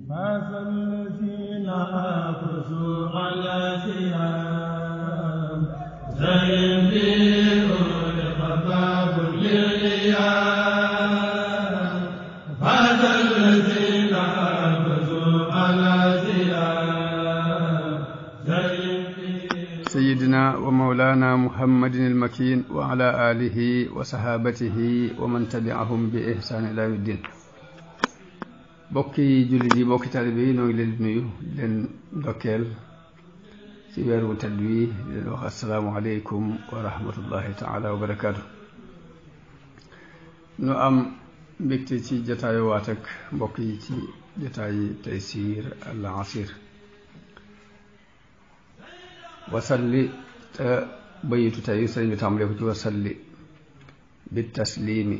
مثل الذين أقسوا على ثياب زين فيه لخطاب للإيام مثل الذين أقسوا على ثياب زين سيدنا ومولانا محمد المكين وعلى آله وصحابته ومن تبعهم بإحسان إلى الدين bokki jullit yi bokki taalibe yi noo ngi leen di nuyu di leen ndokkeel ci weer wu tedd nu am mbégte ci jataayu waat ak mbokk yi ci jataayi taysiir al wasalli te bayitu tey sëriñ bi tàmbale ko ci wasalli bi taslimi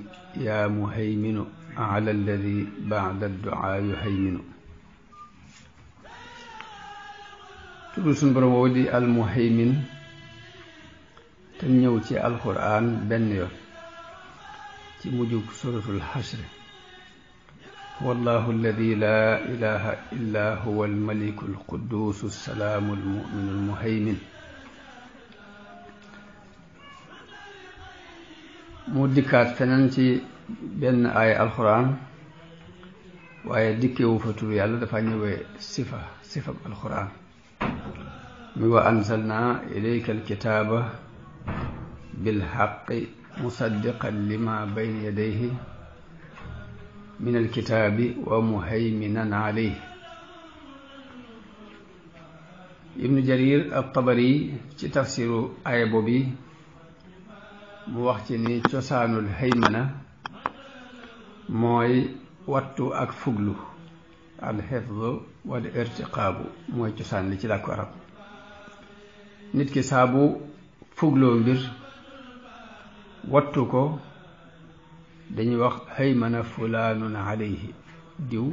yaa muhayminu ala alladi baada duaa yu hayminu tudd suñu borom woo di almuhaymin te ñëw ci alquran benn yoon ci mujjug suratul xasri wallahu alladi laa ilaha illa huwa almaliku alqudusu alsalaamu almuminu almuhaymin mu dikkaat feneen ci benn ay alxuraan waaye dikkewu fa tur yàlla dafa ñëwee sifa sifa alxuraan mi wa anzalna ilayka alkitaaba bilxaqi musaddiqan lima bayna yadayhi min alkitaabi wa muhayminan alayhi ibnu jarir altabari ci tafsiru aaya boobu mu wax ci ni cosaanul haymana mooy wattu ak fuglu alxifdu wal irtiqaabu mooy cosaan li ci làkku arab nit ki saabu fugloo mbir wattu ko dañuy wax haymana fulaanun alayhi diw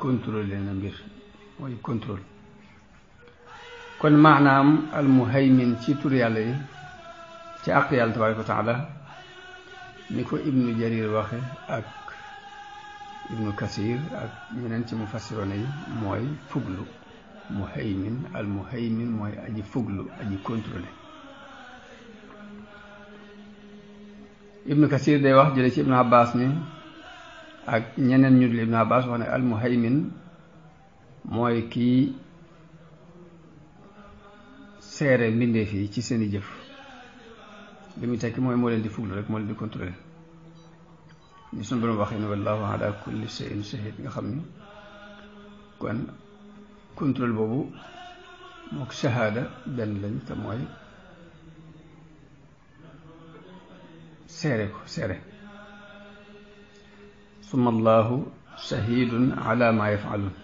contrôlé na mbir mooy contrôle kon maanaam almuhaymin ci tur yàlla yi ci àq yàlla tabaraka wa ni ko ibnu jarir waxe ak ibnu kasir ak ñeneen ci mu fassiroone yi mooy fuglu muhaymin al muhaymin mooy aji fuglu aji contrôlé ibnu kasir day wax jële ci ibnu abbas ni ak ñeneen ñu dul ibnu abbas wax ne al muhaymin mooy kii seere mbindeef yi ci seeni jëf li muy tekki mooy moo leen di fuglu rek moo leen di contrôlé ni suñu borom waxee ne wallahu ala kulli shay'in shahid nga xam ni kon contrôle boobu mook shahaada benn lañ te mooy seere ko seere summa allahu shahidun ala ma yafalun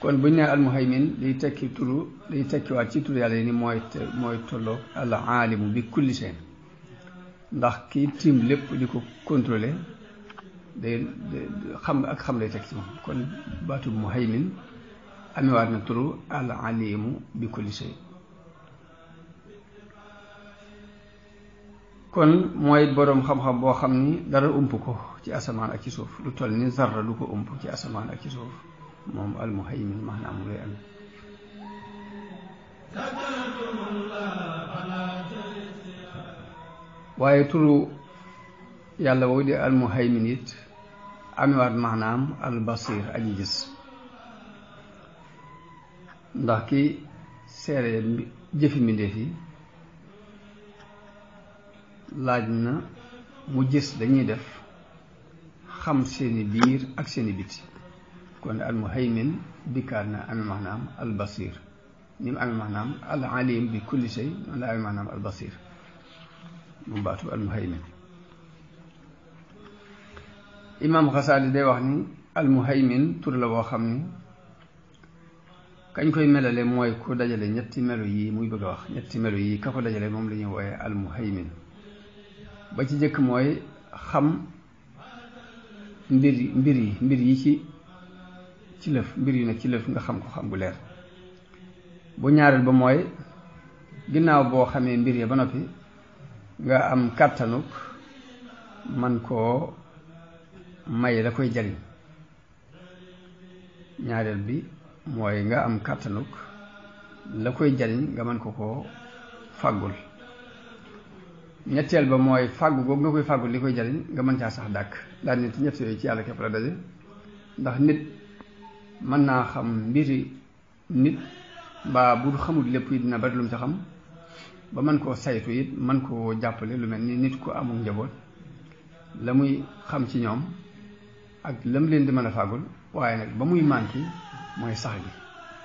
kon buñ ne almuhaymin day tekki turu day tekkiwaat ci turu yàlla yi ni mooy mooy tolloog al aalimu bi kulli shay'in ndax kii tiim lépp di ko contrôler day xam ak xam lay teg ci moom kon baatu muhaymin amewaat na turu al alimu bi kulli shay kon mooy boroom xam-xam boo xam ni dara ump ko ci asamaan ak ci suuf lu toll ni zarra du ko ump ci asamaan ak ci soof moom al muhaymin maanaam lay amee waaye turu yàlla woowu di almuhaymin it amewaat maanaam albasir aji gis ndax ki seere jëfi mbindéef yi laaj na mu gis dañuy def xam seeni biir ak seeni biti kon almuhaymin dikkaat na ame maanaam albasir ni mu ame maanaam alalim bi kulli shay noonu la ame maanaam albasir mu baatu almuhaymin imaam xasaali day wax ni almuhaymin tur la boo xam ni kañ koy melale mooy ku dajale ñetti melo yii muy bëgg a wax ñetti melo yi ka ko dajale moom la ñuy wooye almuhaymin ba ci jëkk mooy xam mbir mbir yi mbir yi ci ci lëf mbir yi nag ci nga xam ko xam bu leer bu ñaareel ba mooy ginnaaw boo xamee mbir ya ba noppi nga am kàttanuk man koo may la koy jariñ ñaareel bi mooy nga am kàttanuk la koy jariñ nga mën ko koo fàggul ñetteel ba mooy fàggu googu nga koy fàggul li koy jariñ nga mën caa sax dàkk daal nit ñett yooyu ci yàlla képp la daje ndax nit mën naa xam mbiri nit mbaa bu xamul lépp yi dina bari lu mu ca xam ba man koo saytu it mën koo jàppale lu mel ni nit ku amul njaboot la muy xam ci ñoom ak lam leen di mën a fàggul waaye nag ba muy manqué mooy sax gi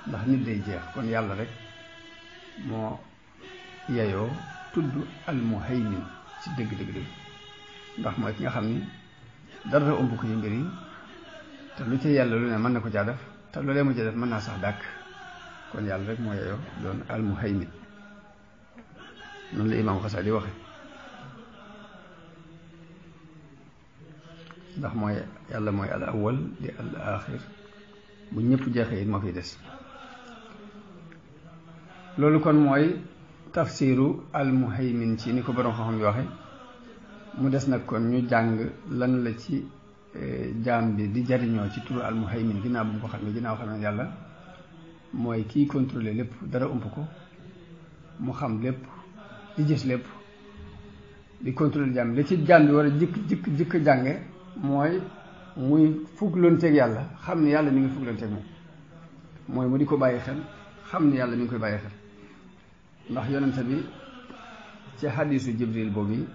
ndax nit day jeex kon yàlla rek moo yeyoo tudd almuhaymin ci dëgg-dëgg-dëgg ndax mooy ki nga xam ni dara ëmb ko yi mbir yi te lu ci yàlla lu ne mën na ko caa def te loolee mu ca def mën naa sax dàkk kon yàlla rek moo yeyoo doon almuhaymin noonu la imaam Xasali waxe ndax mooy yàlla mooy al awal di al axir bu ñëpp jeexee it moo fiy des loolu kon mooy tafsiru al ci ni ko borom xam-xam yi waxe mu des nag kon ñu jàng lan la ci e, jaam bi di jariñoo ci turu al muhaymin ginnaaw bu mu ko xamee ginnaaw xam ne yàlla mooy kiy contrôler lépp dara ump ko mu xam lépp di gis lépp di li ci jàmm bi war a jëkk jëkk jëkk jànge mooy muy fuglanteeg yàlla xam ne yàlla mi ngi fuglanteeg moom mooy mu di ko bàyyi xel xam ni yàlla mi ngi koy bàyyi xel ndax yonente bi ci xadiisu jibril boobu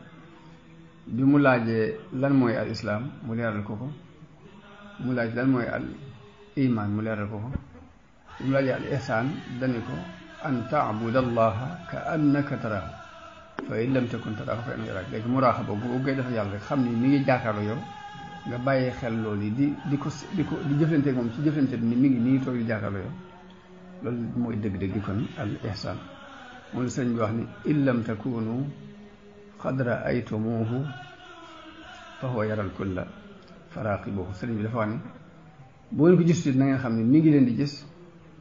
bi mu laajee lan mooy al islaam mu leeral ko ko mu laaj lan mooy al iman mu leeral ko ko bi mu laajee ko an taabuda allaha ka annaka waaye lam takun tarahu fa innahu yaraak léegi muraaxaba boobu yàlla xam ni mi ngi jàkkaarloo yow nga bàyyi xel loolu yi di di ko di ko di jëflante moom ci jëflante ni mi ngi nii toog di jàkkaarloo yow loolu mooy dëgg-dëgg kon al ihsaan moom la sëñ bi wax ni in lam takunu qad raaytumuhu fa huwa yaral kulla faraaqibuhu sëriñ bi dafa wax ni bu ngeen ko gisul na xam ne mi ngi leen di gis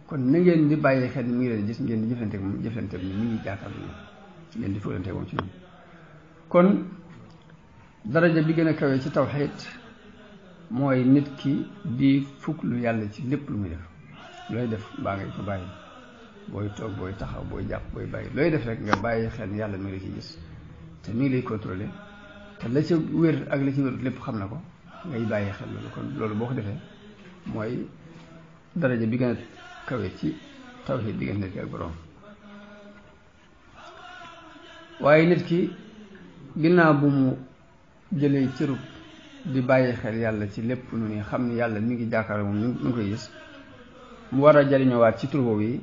kon na ngeen di bàyyi xel ni mi ngi leen di gis ngeen di jëflante ak moom jëflante bi ni mi ngi jàkkaarloo ngeen di fóolante woo ci ñoom kon daraja bi gën a kawe ci tawxiid mooy nit ki di fukk lu yàlla ci lépp lu muy def looy def baa ngay ko bàyyi booy toog booy taxaw booy jàpp booy bàyyi looy def rek nga bàyyi xel yàlla mi ngi la ci gis te mi ngi lay contrôler te la ca wér ak la ca lépp xam na ko ngay bàyyi xel loolu kon loolu boo ko defee mooy daraja bi gën a kawe ci tawxiid diggante ak borom. waaye nit ki ginnaaw bu mu jëlee cërub di bàyyi xel yàlla ci lépp lu ni xam ne yàlla mu ngi jàkkaarloo moom mi ngi koy gis mu war a jariñoowaat ci tur yi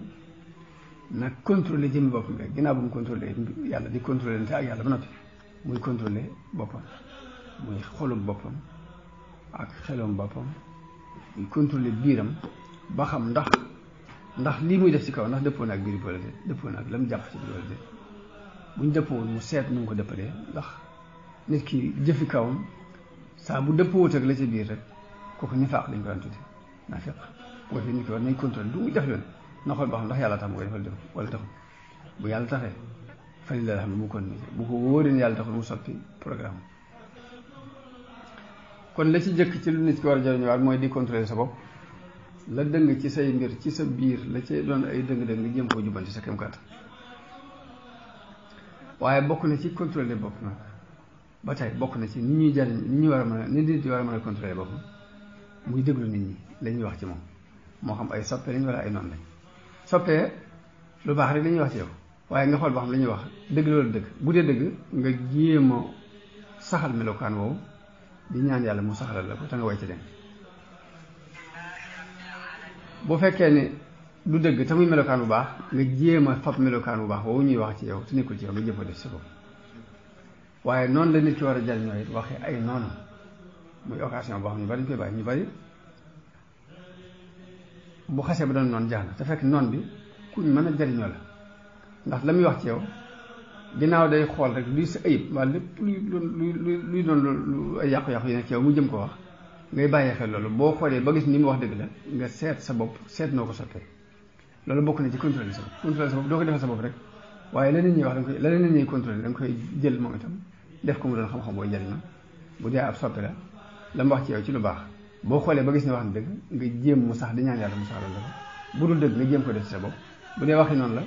nag contrôler jëmmi boppam rek ginnaaw bu mu contrôler yàlla di contrôler nte ak yàlla ba noppi muy contrôler boppam muy xolum boppam ak xelum boppam muy contrôler biiram ba xam ndax ndax lii muy def ci kaw ndax dëppoon ak biir bële de dëppoon ak la mu jàpp ci biir bële de buñ dëppoon mu seet nu mu ko dëppalee ndax nit ki jëfi kawam saa bu dëppoowut ak la ca biir rek kooku nifaaq lañ ko daan tudde naafiq boo fi nit ki war nañ contrôle du muy def yoon na xool boo xam ndax yàlla tax mu koy defal def wala taxul bu yàlla taxee fan la xam ne mu kon ni bu ko wóoree ne yàlla taxul mu soppi programme kon la ci jëkk ci lu nit ki war a jëriñuwaat mooy di contrôler sa bopp la dëng ci say mbir ci sa biir la ci doon ay dëng-dëng jëm koo jubanti sa kem kàttan waaye bokk na ci contrôler bopp nag ba tey bokk na ci ni ñuy jariñ ni ñuy war a mën a ni nit di war a mën a contrôler bopp muy déglu nit ñi lañuy wax ci moom moo xam ay soppe lañ wala ay noon lañ soppee lu baax rek la ñuy wax ci yow waaye nga xool ba xam la ñuy wax dëgg la dëgg bu dee dëgg nga jéem saxal melokaan woowu di ñaan yàlla mu saxalal la ko te nga way ci dem bu fekkee ni lu dëgg te muy melokaan bu baax nga jéem a fab melokaan bu baax boobu ñuy wax ci yow te nekkul ci yow nga jëf ko def sa bopp waaye noonu la nit ki war a jariñoo it waxee ay noonu muy occasion boo xam ñu bari ñu koy bàyyi ñu bari bu xasee ba doon noon jaax na te fekk noon bi kuñ mën a jariñoo la ndax la muy wax ci yow ginnaaw day xool rek luy sa ayib wala lépp luy luy luy doon lu ay yàqu-yàqu yi nekk ci yow mu jëm ko wax ngay bàyyi xel loolu boo xoolee ba gis ni mu wax dëgg la seet sa bopp seet noo ko sottee loolu bokk na ci contrôler sa bopp contrôler sa bopp doo ko defal sa bopp rek waaye leneen ñuy wax da nga koy leneen ñuy contrôler koy jël moom itam def ko mu doon xam-xam boo njëriñ bu dee ab soppe la mu wax ci yow ci lu baax boo xoolee ba gis ne wax na dëgg nga jéem mu sax di ñaan yàlla mu sax loolu dëgg dul dëgg nga jéem def ci sa bopp bu dee waxi noonu la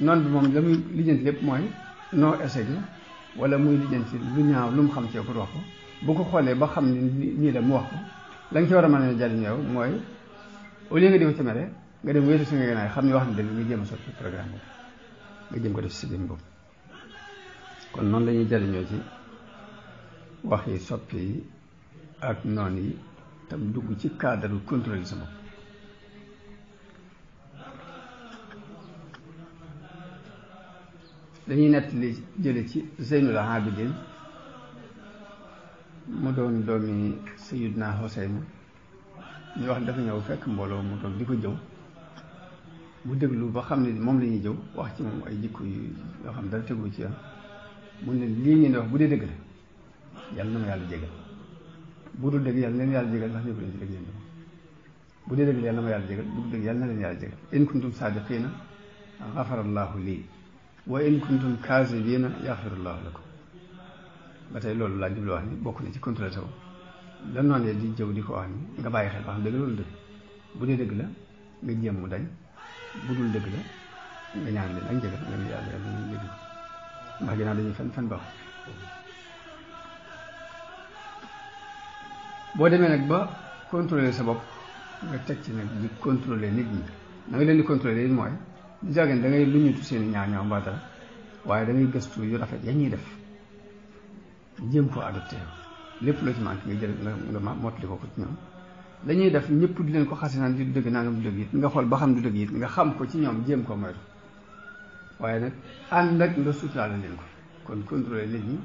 noonu bi moom la muy lijjanti mooy non échec la wala muy lijjanti lu ñaaw lu mu xam ci yow pour wax ko bu ko xoolee ba xam ne ñii la mu wax ko la nga ci war a mën a jariñ yow mooy au lieu nga di ko ci mere nga dem wéetu si nga gànnaay xam ne wax ne dëgg nga jéem a sotti programme bi nga jëm ko def si biir boobu kon noonu lañuy ñuy jariñoo ci wax yi soppi yi ak noon yi tam dugg ci cadre bu contrôle sa bopp dañuy nett li jële ci Zeynul Abidin mu doon doomi Sayyidna Huseyn ñu wax dafa ñëw fekk mbooloo mu toog di ko jëw bu déglu ba xam ne moom la ñuy jëw wax ay jikko yu yoo xam dara tegu ci yoon mu ne lii ngeen wax bu dee dëgg la yàlla na ma bu dul dëgg yàlla na leen yàlla jégal ndax ñëpp leen ci dëgg yéen bu dee dëgg la yàlla na ma yàlla jégal bu dul na leen yàlla jégal in kuntum saadiqina gafarallahu lii wa in kuntum kaasibina yaxfirullahu lakum ba tey loolu laa jublu wax ni bokk na ci contrôle taw lan noonu di jëw di ko wax ni nga bàyyi xel ba xam dëgg loolu dëgg bu dee dëgg la nga jéem mu dañ bu dul dëgg la nga ñaan leen ak njëgal ñoom yàlla yàlla ñu njëgal ndax ginnaaw dañuy fen fen baax boo demee nag ba contrôler sa bopp nga teg ci nag di contrôler nit ñi na leen di contrôler yi mooy du jàggeen da ngay lu ñutu seen i ñaaw ñaaw mbaa dara waaye da gëstu yu rafet ya ñuy def jéem koo adopté lépp loo ci manqué nga jël nga mottali ko ko ci ñoom dañuy def ñëpp di leen ko xase naan di dëgg nangam du dëgg it nga xool ba xam du dëgg it nga xam ko ci ñoom jéem ko moytu waaye nag ànd nag nga suturaale leen ko kon contrôler nit ñi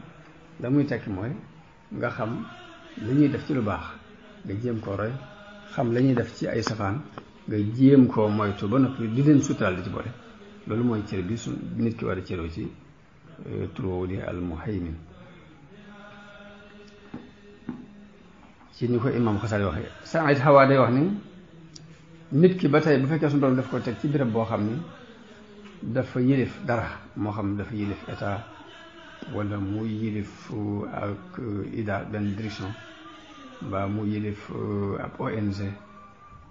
la muy tekki mooy nga xam lañuy def ci lu baax nga jéem koo roy xam la ñuy def ci ay safaan nga jéem ko moytu ba noppi di leen suturaal di ci boole loolu mooy cër bi su nit ki war a cëroo ci euh, turu di al muhaymin ci ñu ko imam xasali waxee saait xawaa day wax ni nit ki ba tey bu fekkee suñu borom daf ko teg ci béréb boo xam ni dafa yilif dara moo xam dafa yilif état wala mu yilif ak euh, ida benn direction mbaa mu yilif euh, ak ONG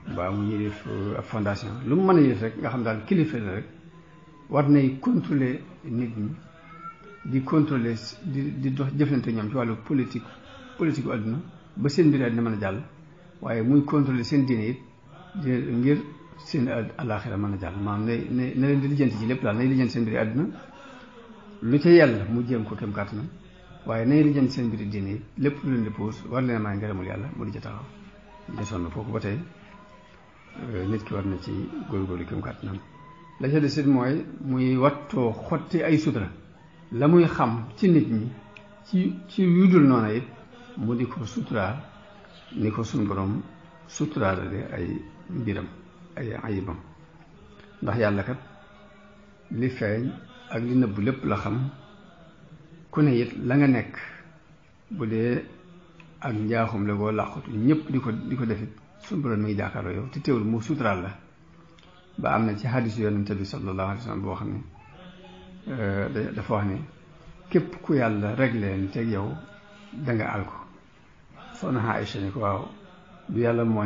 mbaa mu yilif euh, ab fondation lu mu mën a yilif rek nga xam daal kilifa rek war nay contrôler nit ñi di contrôler di dox jëflante ñoom ci wàllu politique politique u àdduna ba seen mbir àddina mën a jàll waaye muy contrôler seen diine it ngir seen alaaxira mën a jàll maanaam na na leen di lijjanti ci lépp daal nay lijjanti seen mbiri àddina lu ca yàlla mu jéem ko kem kàttanam waaye nay lijjanti seen mbiri diine lépp lu leen di pousse war leen may ngërëmul yàlla mu di ca taxaw ñu sonn foofu ba tey euh, nit ki war na ci góorgóorlu kem kàttanam la ca des it mooy muy wattoo xotti ay sutura la muy xam ci nit ñi ci ci yu dul yi mu di ko suturaal ni ko suñ borom suturaale ay mbiram ay ayibam ndax yàlla kat li feeñ ak li nëbbu lépp la xam ku ne it la nga nekk bu dee ak njaaxum la koo làqutu ñépp di ko di ko defit suñ borom mi ngi jàkkaarloo yow te teewul mu suturaal la ba am na ci xadisu yonente bi sallallahu alayhi wa sallam xam ne euh, dafa wax ne képp ku yàlla régleen teg yow danga àl ko soxna Aïcha e ni ko waaw du yàlla moo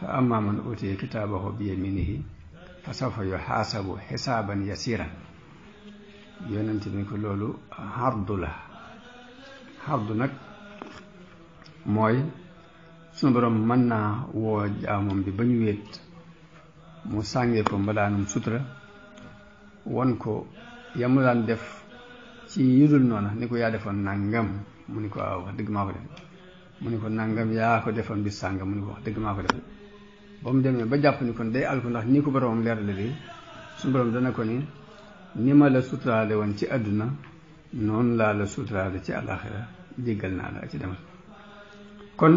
fa amma man utiya kitaabahu bi yaminihi fa sawfa yuxaasabu xisaaban yasiran yonent ni ko loolu xardu la xardu nag mooy sunu borom mën naa woo jaamam bi ba ñu mu sàngee ko mbalaanum sutura won ko yamu daan def ci noona ni ko yaa defoon nangam mu ni ko waaw wax dëgg maa ko mu ni ko nangam yaa ko defoon bi sàngam mu ni ko wax dëgg maa ko defoon ba mu demee ba jàpp ni kon day alku ndax nii ko boromam leerale bi suñu borom dana ko ni ni ma la suturaale woon ci àdduna noonu laa la suturaale ci àllaaxira jéggal naa demal kon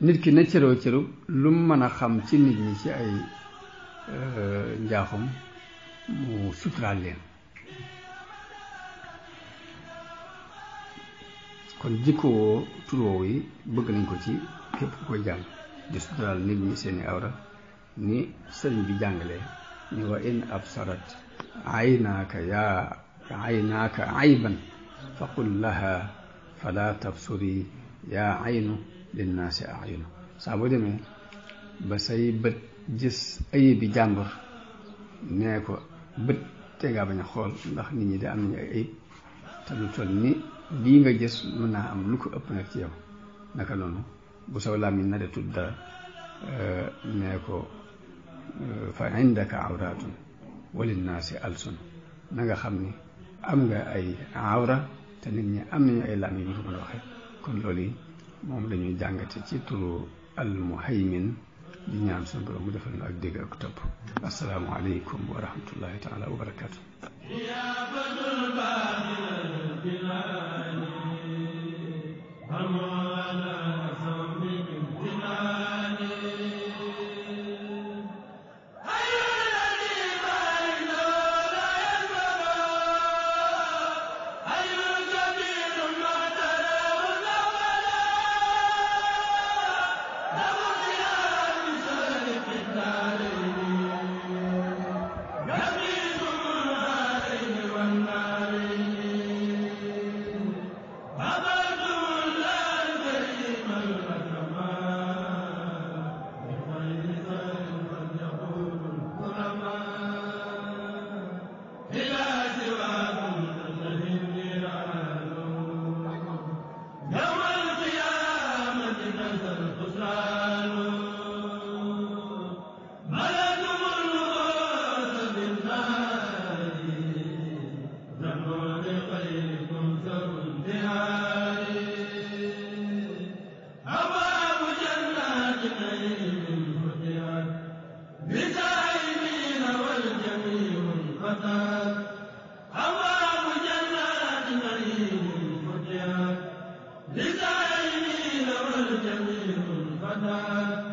nit ki na cëroo cëru lu mu mën a xam ci nit ñi ci ay euh, njaaxum mu suturaal kon jikkowoo turoow yi bëgg nañ ko ci képp ku koy jàng di sutural nit ñi seeni awra ni sëriñ bi jàngale ni wa in absarat aynaaka yaa aynaaka ayban faqul laha fala tabsuri yaa aynu linnaasi aynu saa boo demee ba say bët gis ayib bi jàmbur nee ko bët te ngaa bañ xool ndax ni ñi di am nañu ay ayib te lu ni lii nga gis mën naa am lu ko ëpp nag ci yow naka noonu bu saw làmmiñ na de tudd euh, nee ko euh, fa indaka awraatun walinnaasi alsun na nga xam ni am nga ay awra te nit ñi am nañu ay làmmiñ yu ko mën waxee kon loolu yi moom dañuy jàngate ci turu almuhaymin di ñaan suñu borom mu defal ñu ak dégg ak topp asalaamualeykum wa rahmatullahi taala wa barakaatu. Amen رمضان